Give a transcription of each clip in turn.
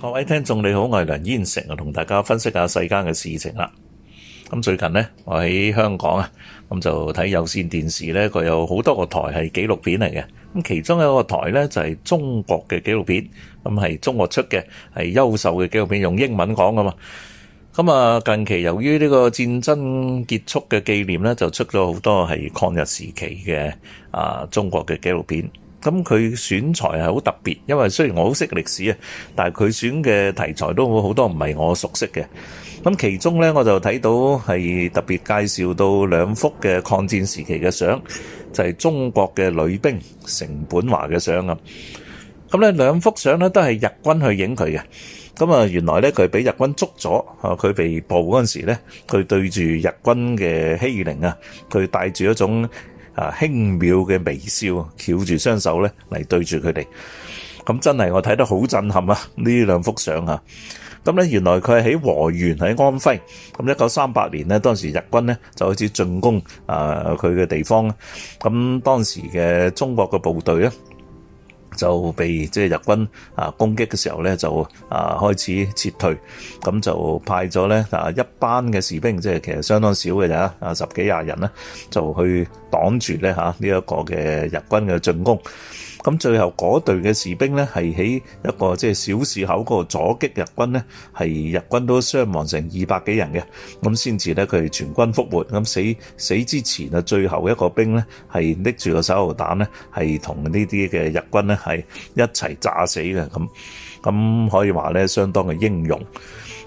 各位聽眾你好，我係梁燕城啊，同大家分析下世間嘅事情啦。咁最近咧，我喺香港啊，咁就睇有綫電視咧，佢有好多個台係紀錄片嚟嘅。咁其中有一個台咧就係中國嘅紀錄片，咁係中國出嘅，係優秀嘅紀錄片，用英文講噶嘛。咁啊，近期由於呢個戰爭結束嘅紀念咧，就出咗好多係抗日時期嘅啊，中國嘅紀錄片。咁佢選材係好特別，因為雖然我好識歷史啊，但係佢選嘅題材都好多唔係我熟悉嘅。咁其中咧，我就睇到係特別介紹到兩幅嘅抗戰時期嘅相，就係中國嘅女兵成本華嘅相啊。咁咧兩幅相咧都係日軍去影佢嘅。咁啊，原來咧佢係俾日軍捉咗，啊佢被捕嗰陣時咧，佢對住日軍嘅欺凌啊，佢帶住一種啊輕妙嘅微笑，翹住雙手咧嚟對住佢哋，咁真係我睇得好震撼啊！呢兩幅相啊，咁咧原來佢係喺和縣，喺安徽，咁一九三八年咧當時日軍咧就開始進攻啊佢嘅地方，咁當時嘅中國嘅部隊咧。就被即係日軍啊攻擊嘅時候咧，就啊開始撤退，咁就派咗咧啊一班嘅士兵，即係其實相當少嘅咋，啊十幾廿人咧就去擋住咧嚇呢一個嘅日軍嘅進攻。咁最後嗰隊嘅士兵呢，係喺一個即係、就是、小市口嗰度阻擊日軍呢，係日軍都傷亡成二百幾人嘅，咁先至呢，佢全軍覆沒。咁死死之前啊，最後一個兵呢，係拎住個手榴彈呢係同呢啲嘅日軍呢，係一齊炸死嘅。咁咁可以話呢，相當嘅英勇。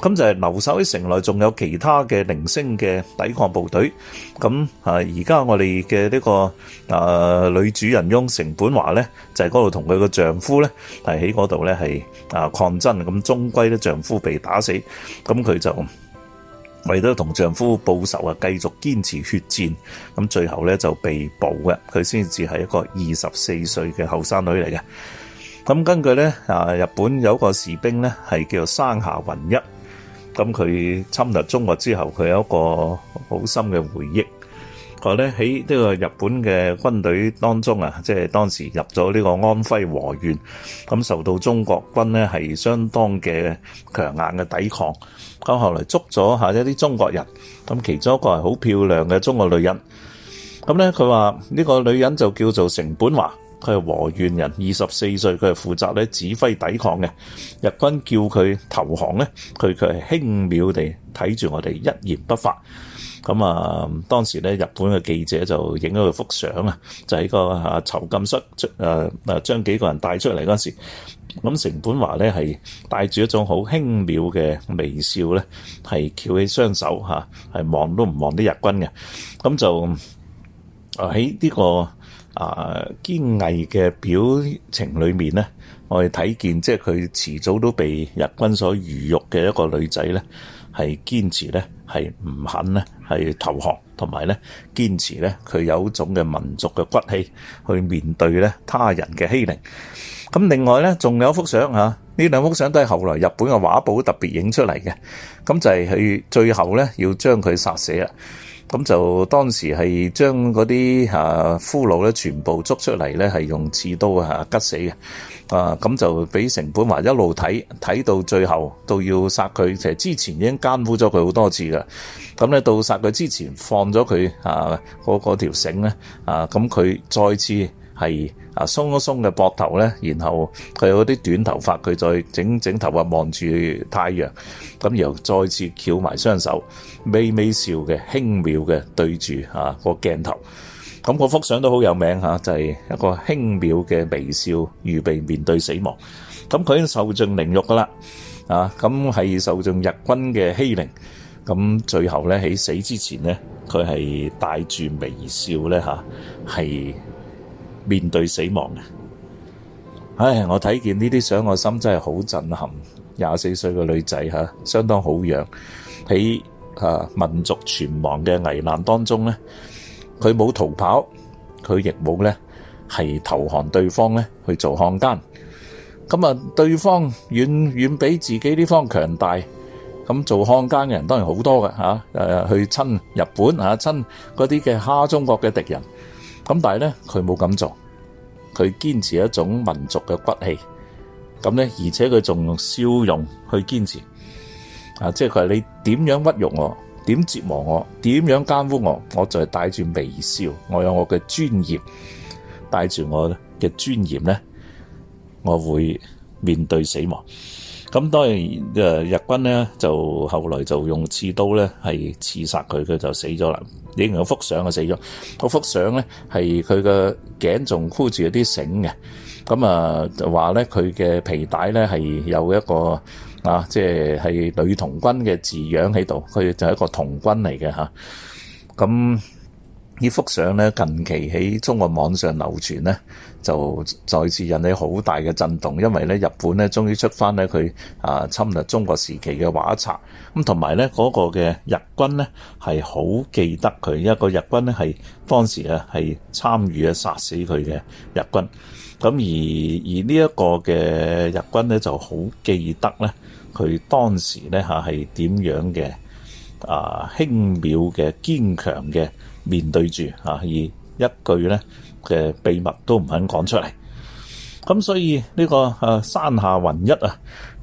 咁就係留守喺城內，仲有其他嘅零星嘅抵抗部隊。咁啊，而家我哋嘅呢個啊、呃、女主人翁成本華咧，就係嗰度同佢個丈夫咧，係喺嗰度咧係啊抗爭。咁終歸咧，丈夫被打死。咁佢就為咗同丈夫報仇啊，繼續堅持血戰。咁最後咧就被捕嘅，佢先至係一個二十四歲嘅後生女嚟嘅。咁根據咧啊，日本有個士兵咧，係叫做山下雲一。咁佢侵略中國之後，佢有一個好深嘅回憶。佢咧喺呢個日本嘅軍隊當中啊，即係當時入咗呢個安徽和縣，咁受到中國軍咧係相當嘅強硬嘅抵抗。咁後來捉咗下一啲中國人，咁其中一個係好漂亮嘅中國女人。咁咧，佢話呢個女人就叫做成本華。佢係和縣人，二十四歲，佢係負責咧指揮抵抗嘅。日軍叫佢投降咧，佢佢係輕蔑地睇住我哋，一言不發。咁啊，當時咧日本嘅記者就影咗佢幅相啊，就喺個囚禁室，誒誒將幾個人帶出嚟嗰時候，咁成本華咧係帶住一種好輕蔑嘅微笑咧，係翹起雙手嚇，係、啊、望都唔望啲日軍嘅。咁就喺呢、這個。啊，堅毅嘅表情裏面呢，我哋睇見即係佢遲早都被日軍所馴辱嘅一個女仔呢，係堅持呢，係唔肯呢，係投降，同埋呢堅持呢佢有一種嘅民族嘅骨氣去面對呢他人嘅欺凌。咁另外呢，仲有幅相呢、啊、兩幅相都係後來日本嘅畫報特別影出嚟嘅，咁就係佢最後呢，要將佢殺死啦。咁就當時係將嗰啲嚇俘虜咧全部捉出嚟咧，係用刺刀嚇吉死嘅。啊，咁就俾成本華一路睇，睇到最後，到要殺佢，其實之前已經奸污咗佢好多次嘅。咁咧到殺佢之前放咗佢啊，嗰嗰條繩咧啊，咁佢再次。係啊，鬆一鬆嘅膊頭咧，然後佢有啲短頭髮，佢再整整頭髮望住太陽，咁然後再次翹埋雙手，微微笑嘅輕妙嘅對住啊個鏡頭，咁個幅相都好有名吓，就係一個輕妙嘅微笑預備面對死亡，咁佢已經受盡凌辱噶啦，啊咁係受盡日軍嘅欺凌，咁最後咧喺死之前咧，佢係帶住微笑咧吓係。面對死亡嘅，唉！我睇見呢啲相，我心真係好震撼。廿四歲嘅女仔吓，相當好樣，喺民族存亡嘅危難當中，呢佢冇逃跑，佢亦冇呢係投降對方呢去做漢奸。咁啊，對方遠遠比自己呢方強大。咁做漢奸嘅人當然好多㗎。吓，誒，去親日本吓，親嗰啲嘅蝦中國嘅敵人。咁但係咧，佢冇咁做，佢堅持一種民族嘅骨氣。咁咧，而且佢仲用笑容去堅持。啊，即係佢係你點樣屈辱我，點折磨我，點樣奸污我，我就係帶住微笑。我有我嘅尊嚴，帶住我嘅尊嚴咧，我會面對死亡。咁當然誒，日軍咧就後來就用刺刀咧係刺殺佢，佢就死咗啦。影有幅相啊，死咗。嗰幅相咧，係佢嘅頸仲箍住有啲繩嘅。咁啊，就話咧佢嘅皮帶咧係有一個啊，即係係女童軍嘅字樣喺度。佢就係一個童軍嚟嘅吓。咁。呢幅相咧，近期喺中國網上流傳咧，就再次引起好大嘅震動，因為咧日本咧終於出返咧佢啊侵略中國時期嘅畫冊，咁同埋咧嗰個嘅日軍咧係好記得佢一個日軍咧係當時啊係參與啊殺死佢嘅日軍，咁而而呢一個嘅日軍咧就好記得咧佢當時咧係點樣嘅啊輕渺嘅堅強嘅。面對住啊，而一句呢嘅秘密都唔肯講出嚟。咁所以呢、這個誒、啊、山下雲一啊，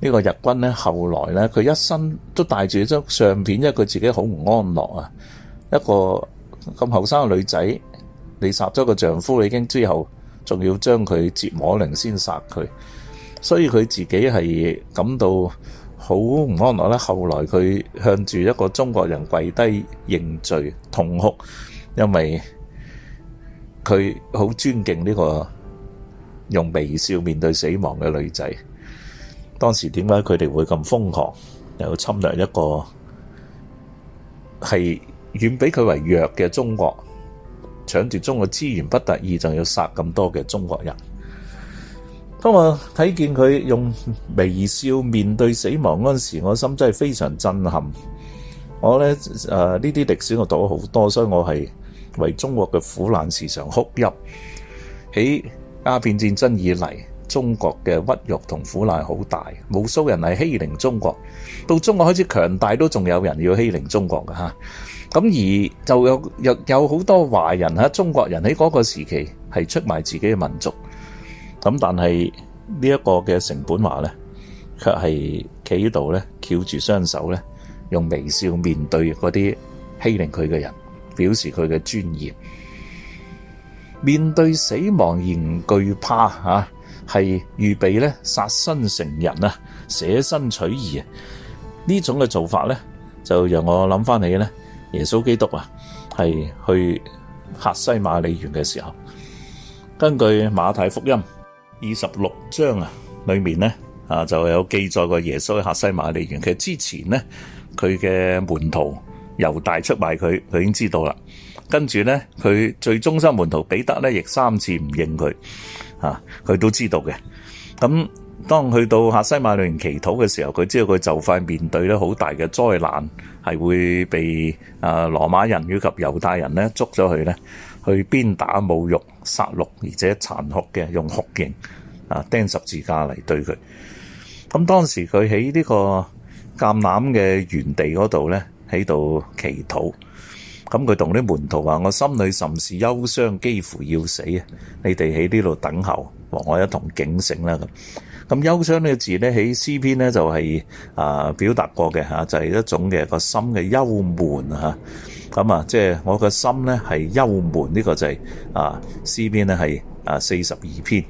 呢、這個日軍呢後來呢，佢一生都帶住一張相片，因為佢自己好唔安樂啊。一個咁後生嘅女仔，你殺咗個丈夫，你已經之後仲要將佢折磨凌先殺佢，所以佢自己係感到。好唔安樂啦。後來佢向住一個中國人跪低認罪，痛哭，因為佢好尊敬呢個用微笑面對死亡嘅女仔。當時點解佢哋會咁瘋狂，又侵略一個係遠比佢為弱嘅中國，搶住中國資源不特止，就要殺咁多嘅中國人？當我睇見佢用微笑面對死亡嗰陣時，我心真係非常震撼。我咧誒呢啲歷史我讀咗好多，所以我係為中國嘅苦難時常哭泣。喺鴉片戰爭以嚟，中國嘅屈辱同苦難好大。無數人係欺凌中國，到中國開始強大都仲有人要欺凌中國㗎。咁、啊、而就有有好多華人、啊、中國人喺嗰個時期係出賣自己嘅民族。咁但係呢一個嘅成本話咧，卻係企喺度咧，翹住雙手咧，用微笑面對嗰啲欺凌佢嘅人，表示佢嘅尊嚴。面對死亡仍懼怕啊，係預備咧殺身成仁啊，捨身取義啊。呢種嘅做法咧，就讓我諗翻起咧，耶穌基督啊，係去客西馬里園嘅時候，根據馬太福音，二十六章啊，裏面呢啊，就有記載過耶穌喺客西馬尼園。其實之前呢，佢嘅門徒猶大出賣佢，佢已經知道啦。跟住呢，佢最忠心門徒彼得呢，亦三次唔認佢，啊，佢都知道嘅。咁當去到客西馬尼園祈禱嘅時候，佢知道佢就快面對咧好大嘅災難。係會被啊羅馬人以及猶太人咧捉咗佢，咧，去鞭打、侮辱、殺戮，而且殘酷嘅用酷刑啊釘十字架嚟對佢。咁當時佢喺呢個橄欖嘅原地嗰度咧，喺度祈禱。咁佢同啲門徒話：我心裏甚是憂傷，幾乎要死啊！你哋喺呢度等候，和我一同警醒啦咁。咁憂傷呢個字咧喺詩篇咧就係啊表達過嘅吓，就係一種嘅個心嘅憂悶吓。咁啊，即係我個心咧係憂悶呢、這個就係啊詩篇咧係啊四十二篇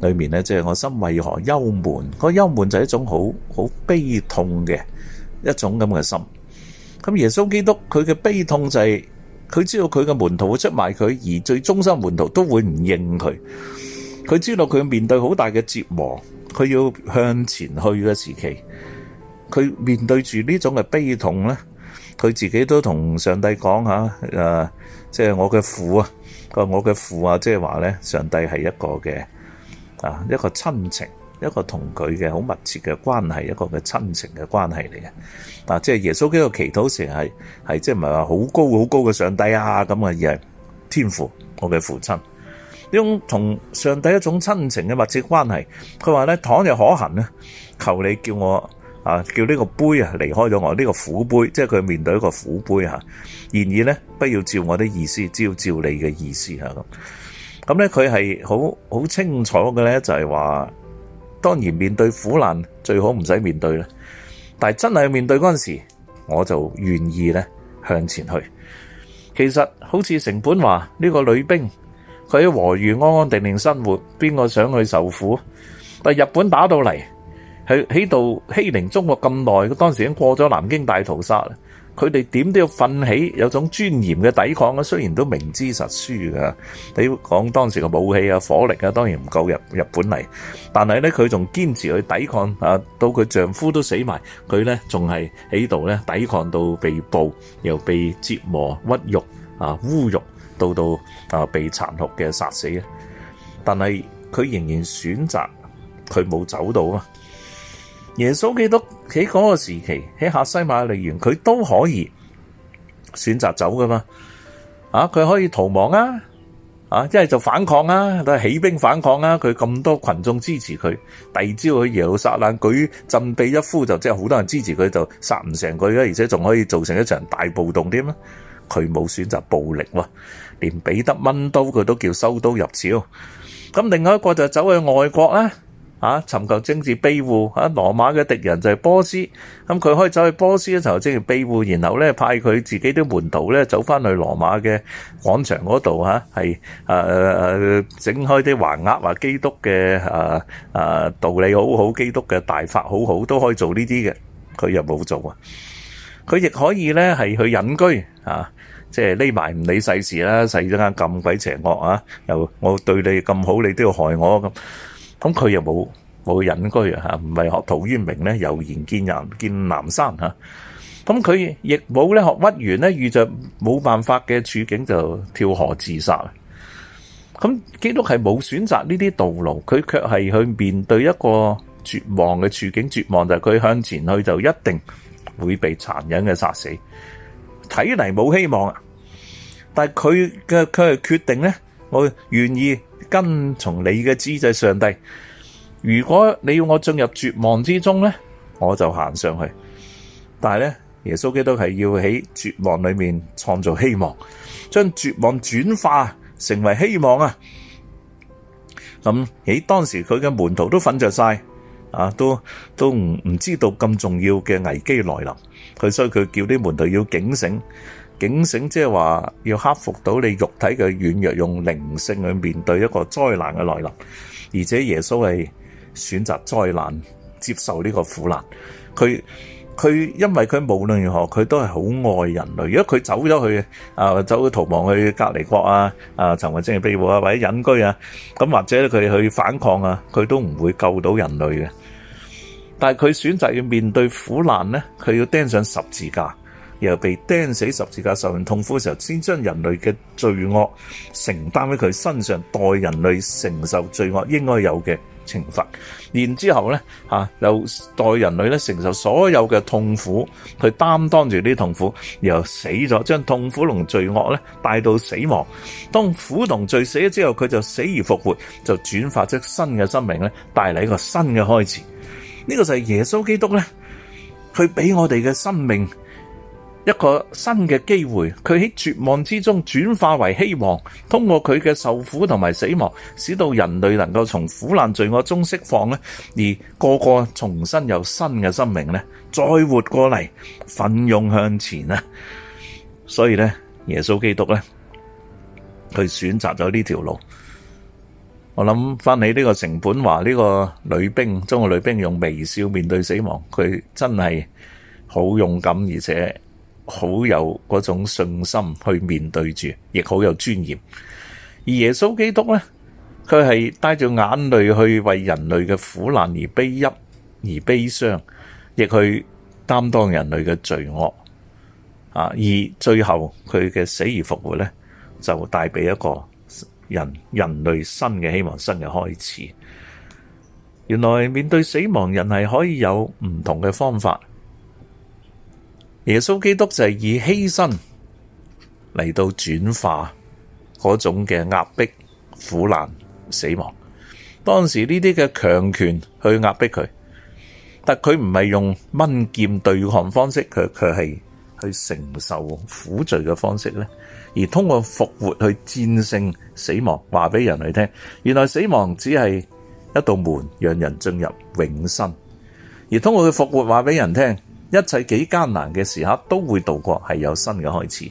裏面咧，即係我心為何憂悶？那個憂悶就係一種好好悲痛嘅一種咁嘅心。咁耶穌基督佢嘅悲痛就係、是、佢知道佢嘅門徒會出賣佢，而最忠心門徒都會唔應佢。佢知道佢面對好大嘅折磨。佢要向前去嘅時期，佢面對住呢種嘅悲痛咧，佢自己都同上帝講吓，誒，即係我嘅父啊，個我嘅父啊，即係話咧，上帝係一個嘅啊，一個親情，一個同佢嘅好密切嘅關係，一個嘅親情嘅關係嚟嘅，啊，即係耶穌喺度祈禱時係係，即係唔係話好高好高嘅上帝啊咁啊，而係天父，我嘅父親。呢種同上帝一種親情嘅密切關係，佢話咧，倘若可行呢，求你叫我啊，叫呢個杯啊離開咗我，呢、這個苦杯，即係佢面對一個苦杯吓、啊，然而呢，不要照我的意思，只要照你嘅意思吓咁。咁、啊啊嗯、呢，佢係好好清楚嘅呢就係、是、話，當然面對苦難最好唔使面對啦，但係真係面對嗰陣時，我就願意呢向前去。其實好似成本話呢、這個女兵。佢喺和諧安安定定生活，邊個想去受苦？但日本打到嚟，喺喺度欺凌中國咁耐，佢當時已經過咗南京大屠殺啦。佢哋點都要奮起，有種尊嚴嘅抵抗啊！雖然都明知實輸㗎，你要講當時嘅武器啊、火力啊，當然唔夠日日本嚟，但係咧佢仲堅持去抵抗啊！到佢丈夫都死埋，佢咧仲係喺度咧抵抗到被捕，又被折磨、屈辱啊、侮辱。到到啊，被殘酷嘅殺死啊！但係佢仍然選擇，佢冇走到嘛？耶穌基督喺嗰個時期喺客西馬尼園，佢都可以選擇走噶嘛？啊，佢可以逃亡啊！啊，一係就反抗啊，佢起兵反抗啊！佢咁多群眾支持佢，第二朝佢耶路撒冷佢，振臂一呼，就即係好多人支持佢，就殺唔成佢啦，而且仲可以造成一場大暴動添啊！佢冇選擇暴力喎。連彼得掹刀佢都叫收刀入鞘，咁另外一個就走去外國咧，啊，尋求政治庇護。啊，羅馬嘅敵人就係波斯，咁佢可以走去波斯嗰度尋求庇護，然後咧派佢自己啲門徒咧走翻去羅馬嘅廣場嗰度嚇，係誒，整開啲橫額話基督嘅誒誒道理好好，基督嘅大法好好，都可以做呢啲嘅，佢又冇做啊。佢亦可以咧係去隱居啊。即係匿埋唔理世事啦，世間咁鬼邪惡啊！又我對你咁好，你都要害我咁，咁佢又冇冇隱居啊。唔係學陶淵明咧，悠然見人見南山吓。咁佢亦冇咧學屈原咧，遇着冇辦法嘅處境就跳河自殺。咁基督係冇選擇呢啲道路，佢卻係去面對一個絕望嘅處境。絕望就係佢向前去就一定會被殘忍嘅殺死。睇嚟冇希望啊！但係佢嘅佢係決定咧，我願意跟從你嘅旨意上帝。如果你要我進入絕望之中咧，我就行上去。但係咧，耶穌基督係要喺絕望裏面創造希望，將絕望轉化成為希望啊！咁喺當時佢嘅門徒都瞓着晒。啊，都都唔唔知道咁重要嘅危機來臨，佢所以佢叫啲門徒要警醒，警醒即係話要克服到你肉體嘅軟弱，用靈性去面對一個災難嘅來臨。而且耶穌係選擇災難，接受呢個苦難。佢佢因為佢無論如何，佢都係好愛人類。如果佢走咗去啊，走去逃亡去隔離國啊，啊，尋為精神嘅庇護啊，或者隱居啊，咁或者佢去反抗啊，佢都唔會救到人類嘅。但係佢選擇要面對苦難呢，佢要釘上十字架，然後被釘死十字架受完痛苦嘅時候，先將人類嘅罪惡承擔喺佢身上，代人類承受罪惡應該有嘅懲罰。然之後呢吓又代人類咧承受所有嘅痛苦，佢擔當住呢啲痛苦，然後死咗，將痛苦同罪惡咧帶到死亡。當苦同罪死咗之後，佢就死而復活，就轉化出新嘅生命咧，帶嚟一個新嘅開始。呢個就係耶穌基督咧，佢俾我哋嘅生命一個新嘅機會，佢喺絕望之中轉化為希望，通過佢嘅受苦同埋死亡，使到人類能夠從苦難罪惡中釋放咧，而個個重新有新嘅生命咧，再活過嚟，奮勇向前啊！所以咧，耶穌基督咧，佢選擇咗呢條路。我諗翻起呢個成本話呢個女兵，中國女兵用微笑面對死亡，佢真係好勇敢，而且好有嗰種信心去面對住，亦好有尊嚴。而耶穌基督呢，佢係帶住眼淚去為人類嘅苦難而悲泣，而悲傷，亦去擔當人類嘅罪惡。啊！而最後佢嘅死而復活呢，就帶俾一個。人人類新嘅希望，新嘅開始。原來面對死亡，人係可以有唔同嘅方法。耶穌基督就係以犧牲嚟到轉化嗰種嘅壓迫、苦難、死亡。當時呢啲嘅強權去壓迫佢，但佢唔係用掹劍對抗方式，佢佢係……去承受苦罪嘅方式咧，而通過復活去戰勝死亡，話俾人去聽，原來死亡只係一道門，讓人進入永生。而通過佢復活，話俾人聽，一切幾艱難嘅時刻都會度過，係有新嘅開始。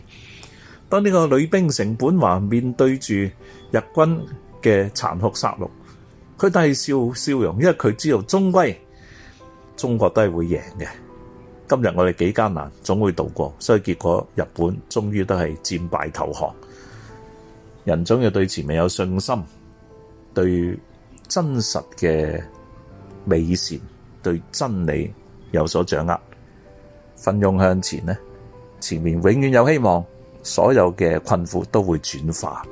當呢個女兵成本華面對住日軍嘅殘酷殺戮，佢都係笑笑容，因為佢知道終歸中國都係會贏嘅。今日我哋幾艱難，總會度過，所以結果日本終於都係戰敗投降。人總要對前面有信心，對真實嘅美善，對真理有所掌握，奮勇向前呢，前面永遠有希望，所有嘅困苦都會轉化。